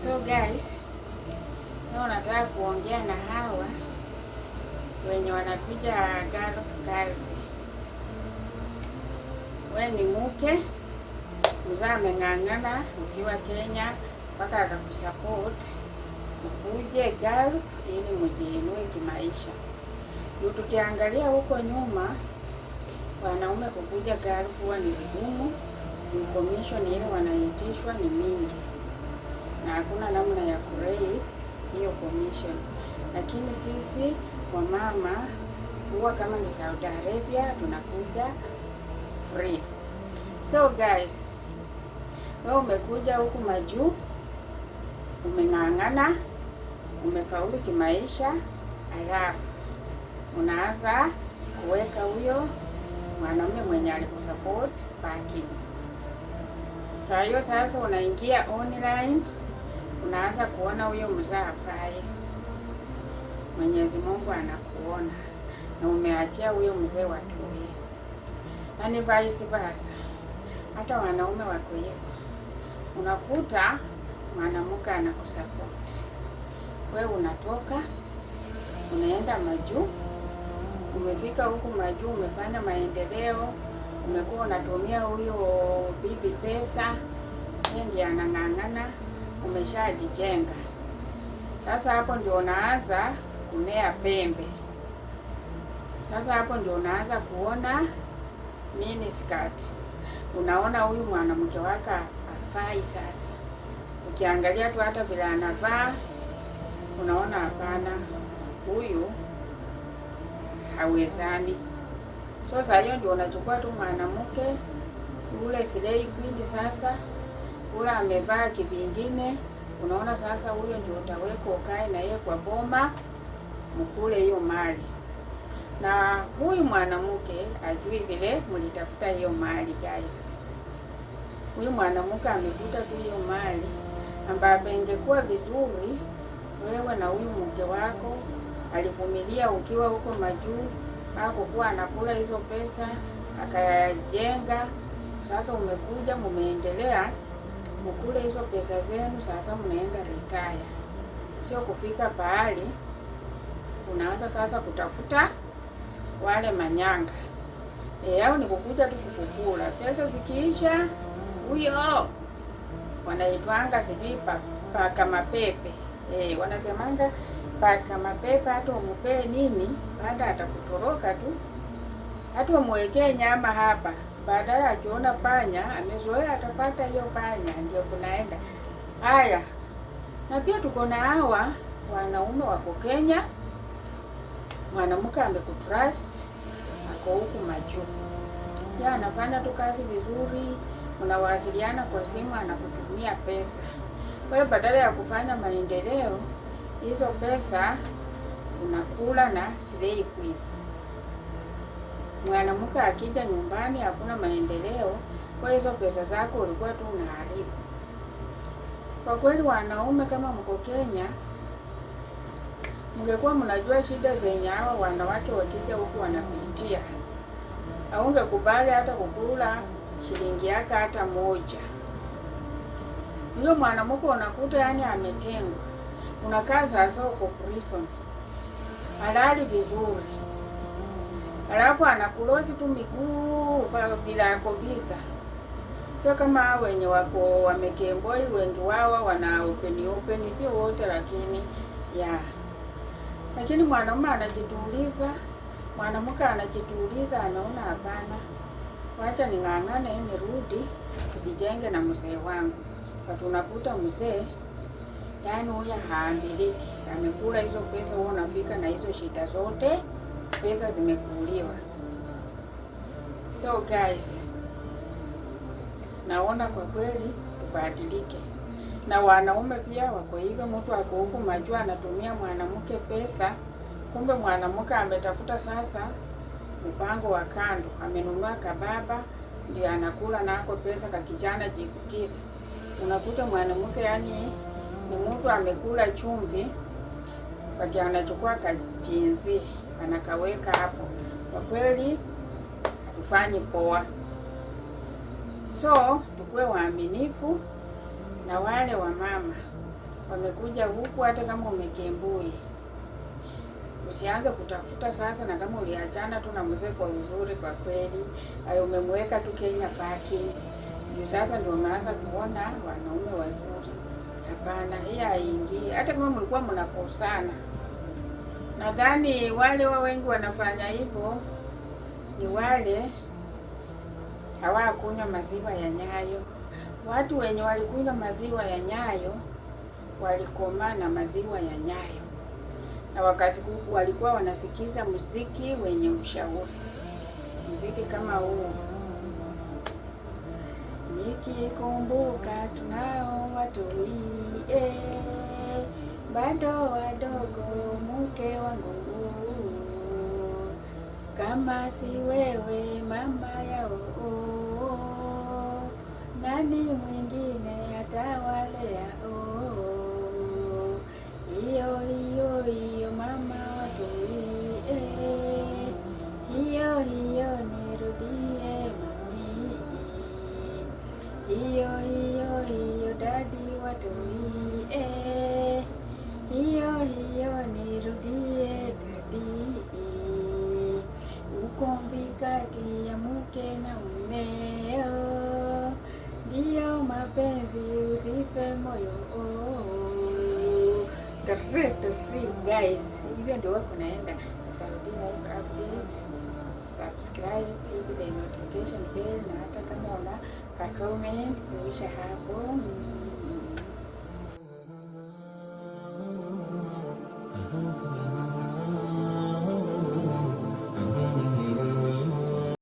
So guys, leo nataka kuongea na hawa wenye wanakuja garofu kazi. We ni mke mzaa ameng'ang'ana ukiwa Kenya mpaka akakusupport ukuje garofu ili mujiinue kimaisha. Ndio tukiangalia huko nyuma, wanaume kukuja garofu huwa ni vigumu, commission ile wanaitishwa ni mingi na hakuna namna ya kuraise hiyo commission. Lakini sisi kwa mama huwa kama ni Saudi Arabia tunakuja free. So guys, wewe umekuja huku majuu, umeng'ang'ana, umefaulu kimaisha, alafu unaanza kuweka huyo mwanaume mwenye alikusupport parking. Sasa hiyo sasa unaingia online unaanza kuona huyo mzaa afai. Mwenyezi Mungu anakuona na umeachia huyo mzee watulie, na ni vice versa. Hata wanaume wako hivyo, unakuta mwanamke anakusapoti wewe, unatoka unaenda majuu, umefika huku majuu, umefanya maendeleo, umekuwa unatumia huyo bibi pesa, ndiye anang'ang'ana umeshajijenga. Sasa hapo ndio unaanza kumea pembe. Sasa hapo ndio unaanza kuona mini skirt. Unaona huyu mwanamke wako afai. Sasa ukiangalia tu hata vile anavaa, unaona hapana, huyu hawezani. Sasa hiyo ndio unachukua tu mwanamke ule slay queen sasa kula amevaa kivingine. Unaona sasa, huyo ndio utaweka ukae na yeye kwa boma, mkule hiyo mali, na huyu mwanamke ajui vile mlitafuta hiyo mali guys. Huyu mwanamke amekuta tu hiyo mali ambapo ingekuwa vizuri wewe na huyu mke wako alivumilia ukiwa huko majuu, akokuwa anakula hizo pesa akayajenga. Sasa umekuja mumeendelea mukule hizo pesa zenu, sasa mnaenda retire. Sio kufika pahali unaanza sasa kutafuta wale manyanga e, au ni kukuja tu kukukula. Pesa zikiisha, huyo wanaitwanga sijui paka mapepe e, wanasemanga paka mapepe. Hata umupee nini, baada atakutoroka tu, hata umwekee nyama hapa baadaye akiona panya amezoea atapata hiyo panya, ndio kunaenda haya. Na pia tuko na hawa wanaume wako Kenya, mwanamke amekutrust, ako huku majuu ya anafanya tu kazi vizuri, unawasiliana kwa simu, anakutumia pesa. Kwa hiyo badala ya kufanya maendeleo, hizo pesa unakula na silei kwini mwanamke akija nyumbani hakuna maendeleo, kwa hizo pesa zako ulikuwa tu unaharibu. Kwa kweli, wanaume kama mko Kenya, mngekuwa mnajua shida zenye hawa wanawake wakija huku wanapitia, haungekubali hata kukula shilingi yake hata moja. Huyo mwanamke unakuta yani ametengwa, unakaa sasa uko prison halali vizuri alafu anakulozi tu miguu bila yako visa. Sio kama wenye wako wamekemboi, wengi wao wana open open, sio wote lakini ya lakini mwanaume anajituliza, mwanamke anajituliza, anaona hapana, wacha ning'ang'ane, nirudi tujijenge na mzee wangu. Tunakuta mzee yani huyo haambiliki, amekula hizo pesa, huo unafika na hizo shida zote pesa zimekuuliwa. So guys, naona kwa kweli tubadilike, na wanaume pia wako hivyo. Mtu ako huku majua anatumia mwanamke pesa, kumbe mwanamke ametafuta sasa mpango wa kando, amenunua kababa ndio anakula nako pesa ka kijana jikukisi. Unakuta mwanamke yani ni mtu amekula chumvi, wakati anachukua kajinzi anakaweka hapo. Kwa kweli hatufanyi poa, so tukuwe waaminifu na wale wamama wamekuja huku, hata kama umekembui usianze kutafuta sasa, na kama uliachana tu na mzee kwa uzuri, kwa kweli ayo umemweka tu Kenya parking juu, sasa ndio unaanza kuona wanaume wazuri. Hapana, hii haingii. Hata kama mlikuwa mnakosana Nadhani wale wa wengi wanafanya hivyo ni wale hawakunywa maziwa ya nyayo. Watu wenye walikunywa maziwa ya nyayo walikomaa na maziwa ya nyayo, na wakasiku walikuwa wanasikiza muziki wenye ushauri, muziki kama huu nikikumbuka tunao watu eh bado wadogo, mke wangu, kama si wewe mama yao, nani mwingine atawalea? Hiyo hiyo hiyo mama watoi, hiyo hiyo nirudie mami, hiyo hiyo hiyo dadi watoi hiyo hiyo nirudie dadii, ukombi kati ya mke na mumeo, ndiyo mapenzi, usife moyo tafree tafree. Guys, hivyo ndio wako naenda Saudi Life updates, subscribe ili the notification bell, na hata kama una ka comment kuisha hapo